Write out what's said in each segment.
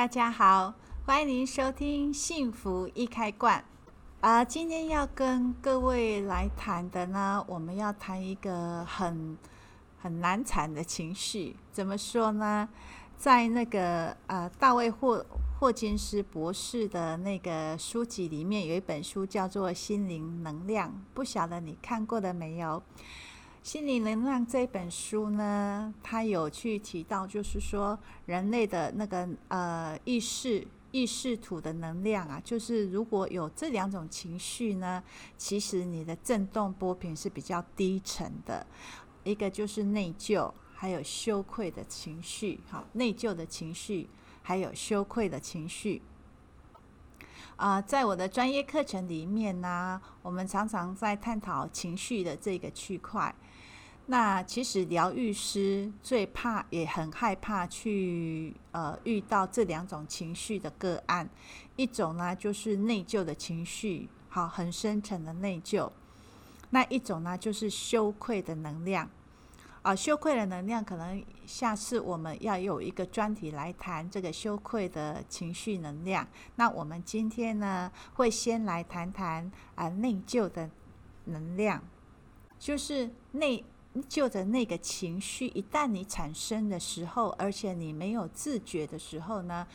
大家好，歡迎您收聽《幸福易開罐》。呃，啊，今天要跟各位來談的呢，我們要談一個很很難產的情緒。怎麼說呢？在那個呃，大衛霍霍金斯博士的那個書籍裡面，有一本書叫做《心靈能量》，不曉得你看過了沒有？心靈能量這本書呢，它有去提到，就是說人類的那個呃意識意識土的能量啊，就是如果有這兩種情緒呢，其實你的振動波頻是比較低沉的。一個就是內疚，還有羞愧的情緒，好，內疚的情緒，還有羞愧的情緒。啊、呃，在我的專業課程裡面呢，我們常常在探討情緒的這個區塊。那其實療癒師最怕也很害怕去呃遇到這兩種情緒的個案，一種呢就是內疚的情緒，好，很深沉的內疚；那一種呢就是羞愧的能量啊、呃，羞愧的能量可能下次我們要有一個專題來談這個羞愧的情緒能量。那我們今天呢會先來談談啊內疚的能量，就是內。就的那個情緒，一旦你產生的時候，而且你沒有自覺的時候呢，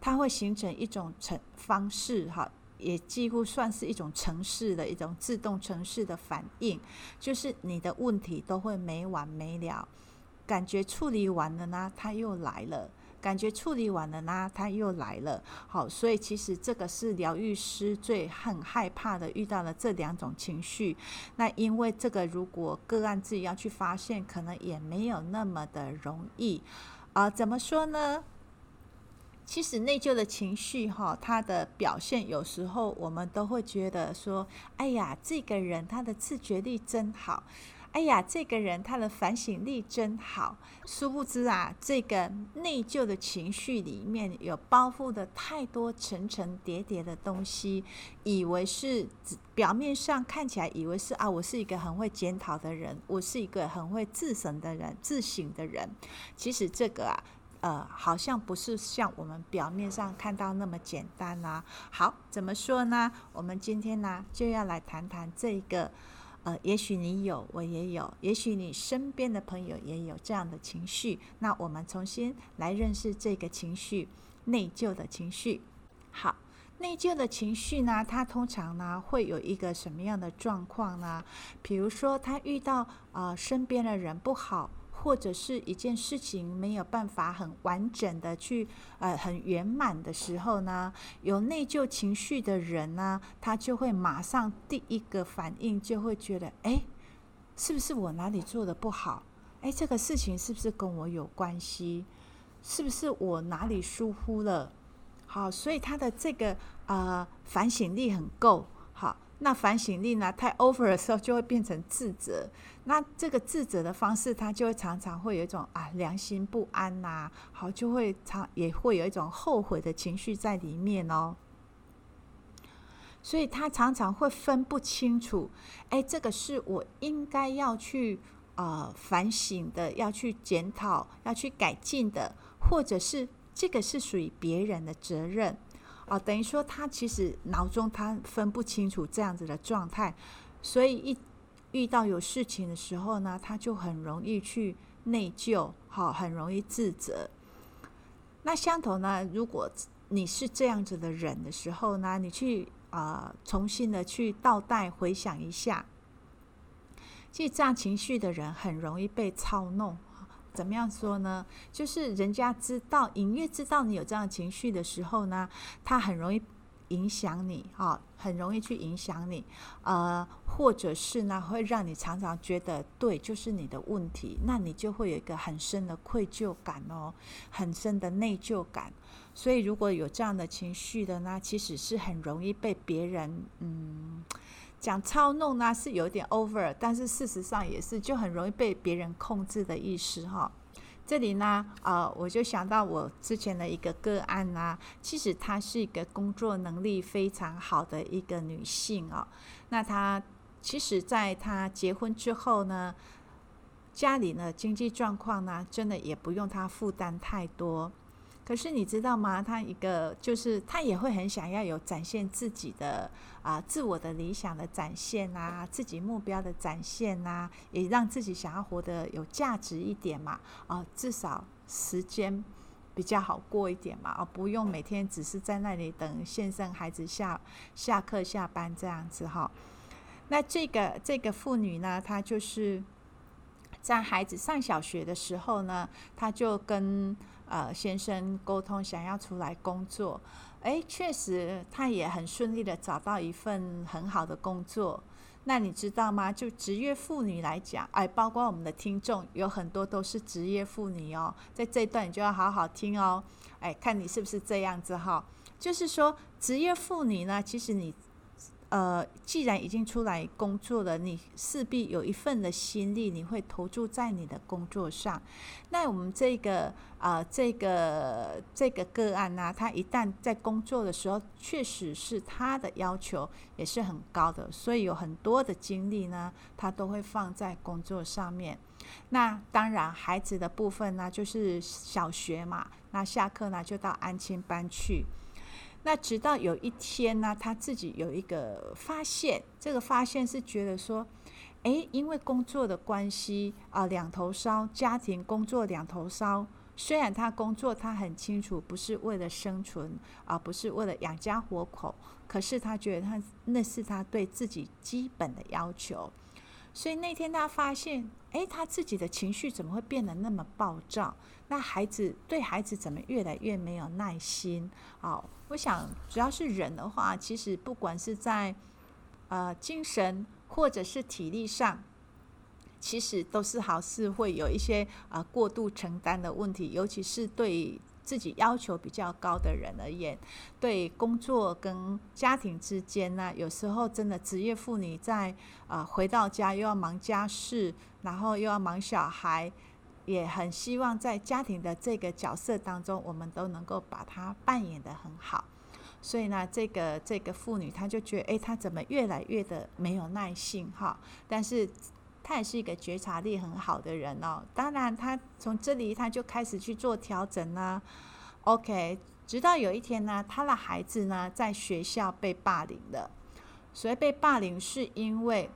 它會形成一種方式哈，也幾乎算是一種程式的一種自動程式的反應，就是你的問題都會沒完沒了，感覺處理完了呢，它又來了。感覺處理完了呢，他又來了。好，所以其實這個是療癒師最很害怕的，遇到了這兩種情緒。那因為這個，如果個案自己要去發現，可能也沒有那麼的容易。啊、呃，怎麼說呢？其實內疚的情緒哈、哦，它的表現有時候我們都會覺得說，哎呀，這個人他的自覺力真好。哎呀，這個人他的反省力真好。殊不知啊，這個內疚的情緒裡面有包覆的太多層層疊疊、疊的東西，以為是表面上看起來以為是啊，我是一個很會檢討的人，我是一個很會自省的人，自省的人。其實這個啊，呃，好像不是像我們表面上看到那麼簡單吶，啊。好，怎麼說呢？我們今天呢，啊，就要來談談這個。呃，也許你有，我也有，也許你身邊的朋友也有這樣的情緒。那我們重新來認識這個情緒——內疚的情緒。好，內疚的情緒呢，它通常呢會有一個什麼樣的狀況呢？比如說，他遇到啊、呃、身邊的人不好。或者是一件事情沒有辦法很完整的去，呃，很圓滿的時候呢，有內疚情緒的人呢，他就會馬上第一個反應就會覺得，哎，是不是我哪裡做得不好？哎，這個事情是不是跟我有關係？是不是我哪裡疏忽了？好，所以他的這個呃，反省力很夠。那反省力呢，太 over 的時候，就會變成自責。那這個自責的方式，他就會常常會有一種啊良心不安吶，啊，好就會常也會有一種後悔的情緒在裡面哦。所以他常常會分不清楚，哎，欸，這個是我應該要去啊，呃，反省的，要去檢討，要去改進的，或者是這個是屬於別人的責任。哦，等於說他其實腦中他分不清楚這樣子的狀態，所以一遇到有事情的時候呢，他就很容易去內疚，好、哦，很容易自責。那相同呢，如果你是這樣子的人的時候呢，你去啊、呃，重新的去倒帶回想一下，其實這樣情緒的人很容易被操弄。怎麼樣說呢？就是人家知道，隱約知道你有這樣的情緒的時候呢，他很容易影響你，啊、哦，很容易去影響你，呃，或者是呢，會讓你常常覺得對，就是你的問題，那你就會有一個很深的愧疚感哦，很深的內疚感。所以如果有這樣的情緒的呢，其實是很容易被別人，嗯。講操弄呢是有點 over，但是事實上也是就很容易被別人控制的意思哈，哦。這裡呢，呃，我就想到我之前的一個個案啊，其實她是一個工作能力非常好的一個女性哦。那她其實，在她結婚之後呢，家裡呢經濟狀況呢，真的也不用她負擔太多。可是你知道嗎？他一個就是他也會很想要有展現自己的啊、呃、自我的理想的展現啊，自己目標的展現啊，也讓自己想要活得有價值一點嘛啊、呃，至少時間比較好過一點嘛啊、呃，不用每天只是在那裡等先生孩子下下課下班這樣子哈。那這個這個婦女呢，她就是在孩子上小學的時候呢，她就跟。呃，先生溝通想要出來工作，哎，確實他也很順利地找到一份很好的工作。那你知道嗎？就職業婦女來講，哎，包括我們的聽眾有很多都是職業婦女哦，在這一段你就要好好聽哦，哎，看你是不是這樣子哈、哦。就是說，職業婦女呢，其實你。呃，既然已經出來工作了，你勢必有一份的心力，你會投注在你的工作上。那我們這個啊、呃，這個這個個案呢、啊，他一旦在工作的時候，確實是他的要求也是很高的，所以有很多的精力呢，他都會放在工作上面。那當然，孩子的部分呢，就是小學嘛，那下課呢就到安親班去。那直到有一天呢、啊，他自己有一個發現，這個發現是覺得說，哎、欸，因為工作的關係啊，兩頭燒，家庭工作兩頭燒。雖然他工作，他很清楚不是為了生存，而、啊、不是為了養家活口，可是他覺得他那是他對自己基本的要求。所以那天他發現，哎，他自己的情緒怎麼會變得那麼暴躁？那孩子對孩子怎麼越來越沒有耐心？哦，我想主要是人的話，其實不管是在，呃，精神或者是體力上，其實都是好像，會有一些啊、呃、過度承擔的問題，尤其是對。自己要求比較高的人而言，對工作跟家庭之間呢，有時候真的職業婦女在啊、呃、回到家又要忙家事，然後又要忙小孩，也很希望在家庭的這個角色當中，我們都能夠把她扮演得很好。所以呢，這個這個婦女她就覺得，誒、欸，她怎麼越來越的沒有耐心哈？但是。他也是一個覺察力很好的人哦。當然，他從這裡他就開始去做調整呢、啊。OK，直到有一天呢，他的孩子呢在學校被霸凌了。所以被霸凌是因為，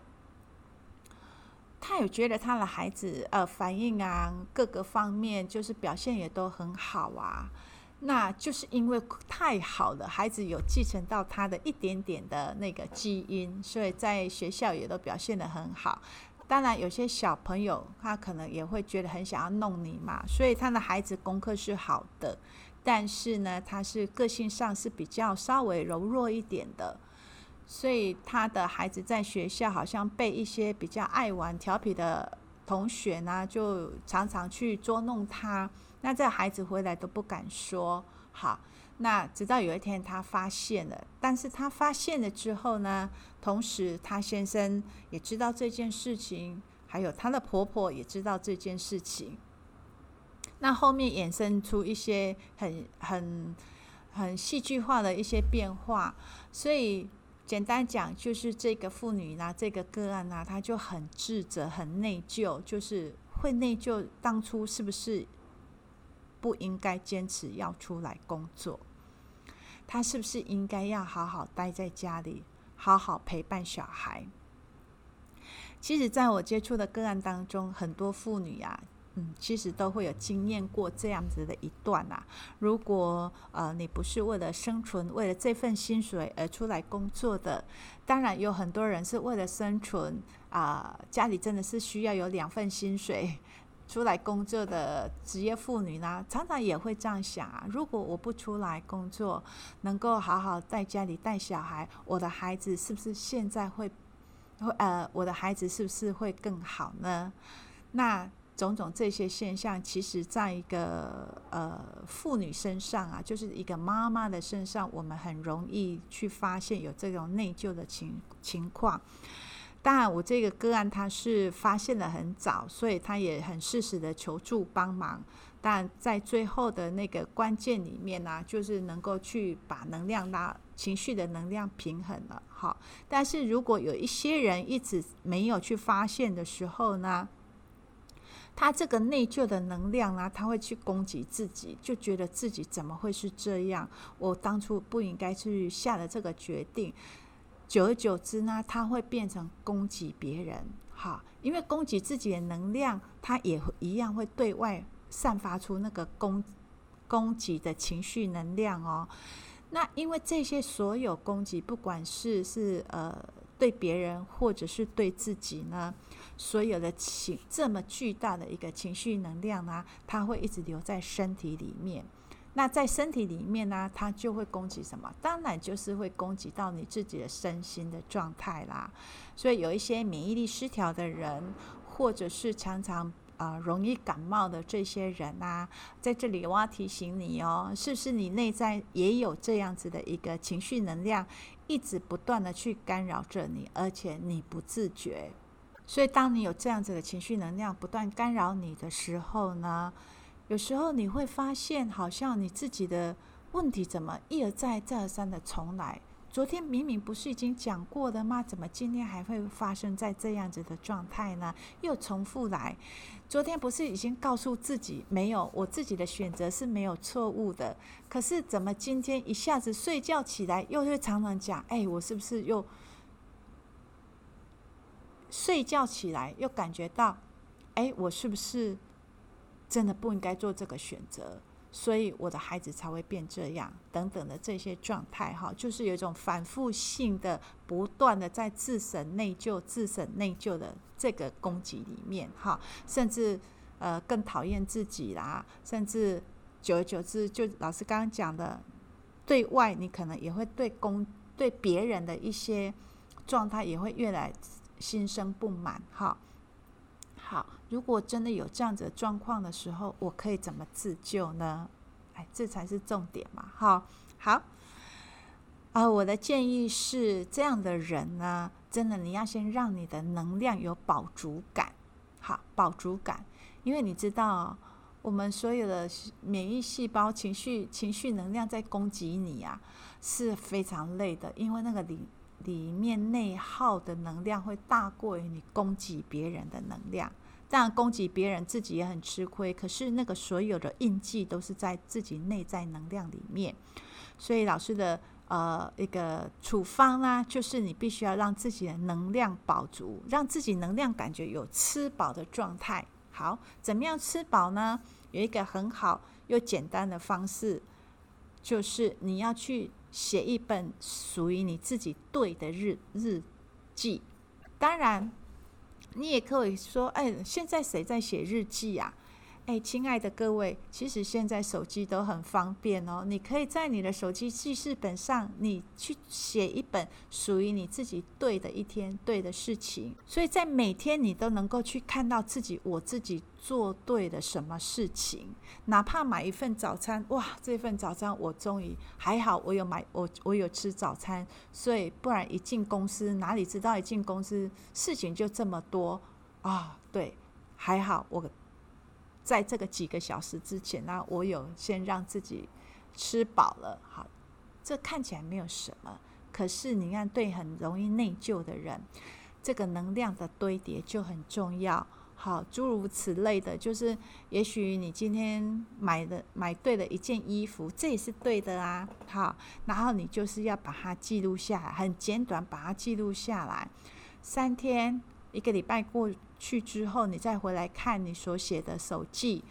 他有覺得他的孩子呃反應啊各個方面就是表現也都很好啊。那就是因為太好了，孩子有繼承到他的一點點的那個基因，所以在學校也都表現得很好。當然，有些小朋友他可能也會覺得很想要弄你嘛，所以他的孩子功課是好的，但是呢，他是個性上是比較稍微柔弱一點的，所以他的孩子在學校好像被一些比較愛玩、調皮的同學呢，就常常去捉弄他，那這孩子回來都不敢說好。那直到有一天她發現了，但是她發現了之後呢，同時她先生也知道這件事情，還有她的婆婆也知道這件事情。那後面衍生出一些很、很、很戲劇化的一些變化。所以簡單講，就是這個婦女呢、啊，這個個案呢、啊，她就很自責、很內疚，就是會內疚當初是不是？不應該堅持要出來工作，他是不是應該要好好待在家裡，好好陪伴小孩？其實，在我接觸的個案當中，很多婦女啊，嗯，其實都會有經驗過這樣子的一段啊。如果呃你不是為了生存，為了這份薪水而出來工作的，當然有很多人是為了生存啊，呃，家裡真的是需要有兩份薪水。出來工作的職業婦女呢，常常也會這樣想啊，如果我不出來工作，能夠好好在家裡帶小孩，我的孩子是不是現在會，會呃，我的孩子是不是會更好呢？那種種這些現象，其實在一個呃婦女身上啊，就是一個媽媽的身上，我們很容易去發現有這種內疚的情情況。當然，但我這個個案他是發現的很早，所以他也很適時的求助幫忙。但在最後的那個關鍵裡面呢、啊，就是能夠去把能量拉、情緒的能量平衡了。好，但是如果有一些人一直沒有去發現的時候呢，他這個內疚的能量呢，他會去攻擊自己，就覺得自己怎麼會是這樣？我當初不應該去下了這個決定。久而久之呢，它會變成攻擊別人，哈，因為攻擊自己的能量，它也一樣會對外散發出那個攻攻擊的情緒能量哦。那因為這些所有攻擊，不管是是呃對別人或者是對自己呢，所有的情這麼巨大的一個情緒能量呢，它會一直留在身體裡面。那在身體裡面呢、啊，它就會攻擊什麼？當然就是會攻擊到你自己的身心的狀態啦。所以有一些免疫力失調的人，或者是常常啊、呃、容易感冒的這些人啊，在這裡我要提醒你哦，是不是你內在也有這樣子的一個情緒能量，一直不斷的去干擾着你，而且你不自覺。所以當你有這樣子的情緒能量不斷干擾你的時候呢，有時候你會發現，好像你自己的問題怎麼一而再、再而三的重來？昨天明明不是已經講過了嗎？怎麼今天還會發生在這樣子的狀態呢？又重複來？昨天不是已經告訴自己，沒有我自己的選擇是沒有錯誤的。可是怎麼今天一下子睡覺起來，又會常常講，哎，我是不是又睡覺起來，又感覺到，哎，我是不是？真的不應該做這個選擇，所以我的孩子才會變這樣，等等的這些狀態哈，就是有一種反覆性的、不斷的在自省內疚、自省內疚的這個攻擊裡面哈，甚至呃更討厭自己啦，甚至久而久之，就老師剛剛講的，對外你可能也會對公、對別人的一些狀態也會越來心生不滿哈。好，如果真的有這樣子的狀況的時候，我可以怎麼自救呢？哎，這才是重點嘛！好，好啊、呃，我的建議是，這樣的人呢，真的你要先讓你的能量有飽足感，好，飽足感，因為你知道，我們所有的免疫細胞情、情緒、情緒能量在攻擊你啊，是非常累的，因為那個里裡面內耗的能量會大過於你攻擊別人的能量。但攻擊別人，自己也很吃虧。可是那個所有的印記都是在自己內在能量裡面，所以老師的呃一個處方啦、啊，就是你必須要讓自己的能量飽足，讓自己能量感覺有吃飽的狀態。好，怎麼樣吃飽呢？有一個很好又簡單的方式，就是你要去寫一本屬於你自己對的日日記。當然。你也可以說，哎，現在誰在寫日記啊？哎，親愛的各位，其實現在手機都很方便哦。你可以在你的手機記事本上，你去寫一本屬於你自己對的一天、對的事情。所以在每天，你都能夠去看到自己，我自己做對的什麼事情。哪怕買一份早餐，哇，這份早餐我終於還好，我有買，我我有吃早餐。所以不然一進公司，哪裡知道一進公司事情就這麼多啊。哦？對，還好我。在這個幾個小時之前，那我有先讓自己吃飽了。好，這看起來沒有什麼，可是你看，對很容易內疚的人，這個能量的堆疊就很重要。好，諸如此類的，就是也許你今天買的買對了一件衣服，這也是對的啊。好，然後你就是要把它記錄下來，很簡短，把它記錄下來，三天，一個禮拜過去之後，你再回來看你所寫的手記，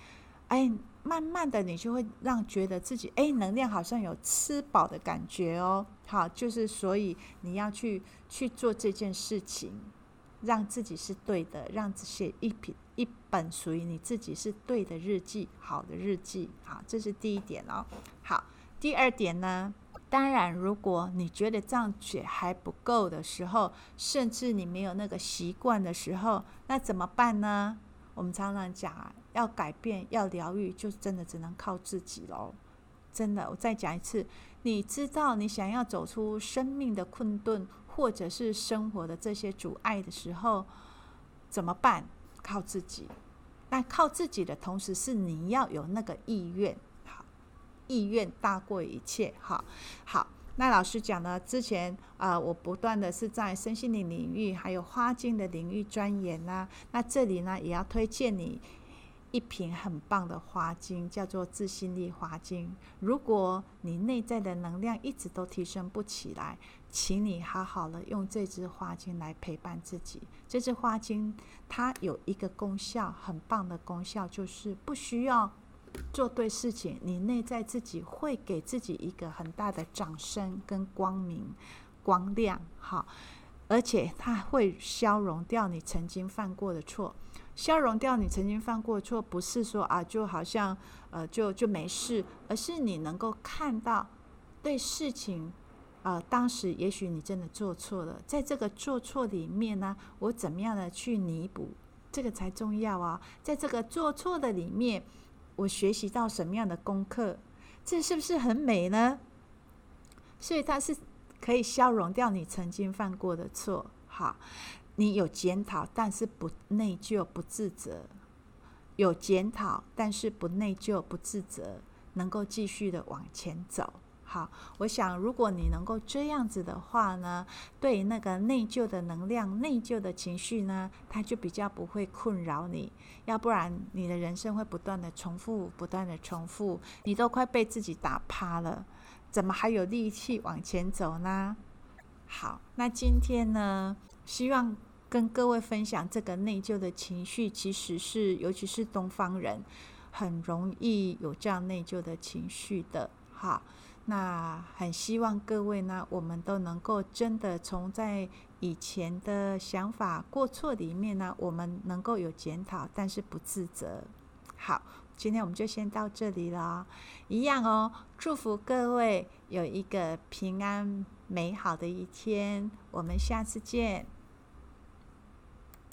哎，慢慢的你就會讓覺得自己哎，能量好像有吃飽的感覺哦。好，就是所以你要去去做這件事情，讓自己是對的，讓自己寫一篇一本屬於你自己是對的日記，好的日記。好，這是第一點哦。好，第二點呢？當然，如果你覺得這樣子還不夠的時候，甚至你沒有那個習慣的時候，那怎麼辦呢？我們常常講，要改變、要療癒，就真的只能靠自己嘍。真的，我再講一次，你知道你想要走出生命的困頓，或者是生活的這些阻礙的時候，怎麼辦？靠自己。那靠自己的同時，是你要有那個意願。意願大過一切，哈，好。那老師講呢，之前啊、呃，我不斷的是在身心靈領域，還有花精的領域鑽研吶、啊。那這裡呢，也要推薦你一瓶很棒的花精，叫做自信力花精。如果你內在的能量一直都提升不起來，請你好好的用這支花精來陪伴自己。這支花精它有一個功效，很棒的功效，就是不需要。做對事情，你內在自己會給自己一個很大的掌聲跟光明、光亮，好，而且它會消融掉你曾經犯過的錯。消融掉你曾經犯過錯，不是說啊，就好像呃，就就沒事，而是你能夠看到對事情呃，當時也許你真的做錯了，在這個做錯裡面呢，我怎麼樣的去彌補，這個才重要啊。在這個做錯的裡面。我學習到什麼樣的功課？這是不是很美呢？所以它是可以消融掉你曾經犯過的錯。好，你有檢討，但是不內疚、不自責；有檢討，但是不內疚、不自責，能夠繼續的往前走。好，我想如果你能夠這樣子的話呢，對那個內疚的能量、內疚的情緒呢，它就比較不會困擾你。要不然，你的人生會不斷的重複，不斷的重複，你都快被自己打趴了，怎麼還有力氣往前走呢？好，那今天呢，希望跟各位分享這個內疚的情緒，其實是尤其是東方人很容易有這樣內疚的情緒的，好。那很希望各位呢，我們都能夠真的從在以前的想法過錯裡面呢，我們能夠有檢討，但是不自責。好，今天我們就先到這裡了，一樣哦，祝福各位有一個平安美好的一天，我們下次見。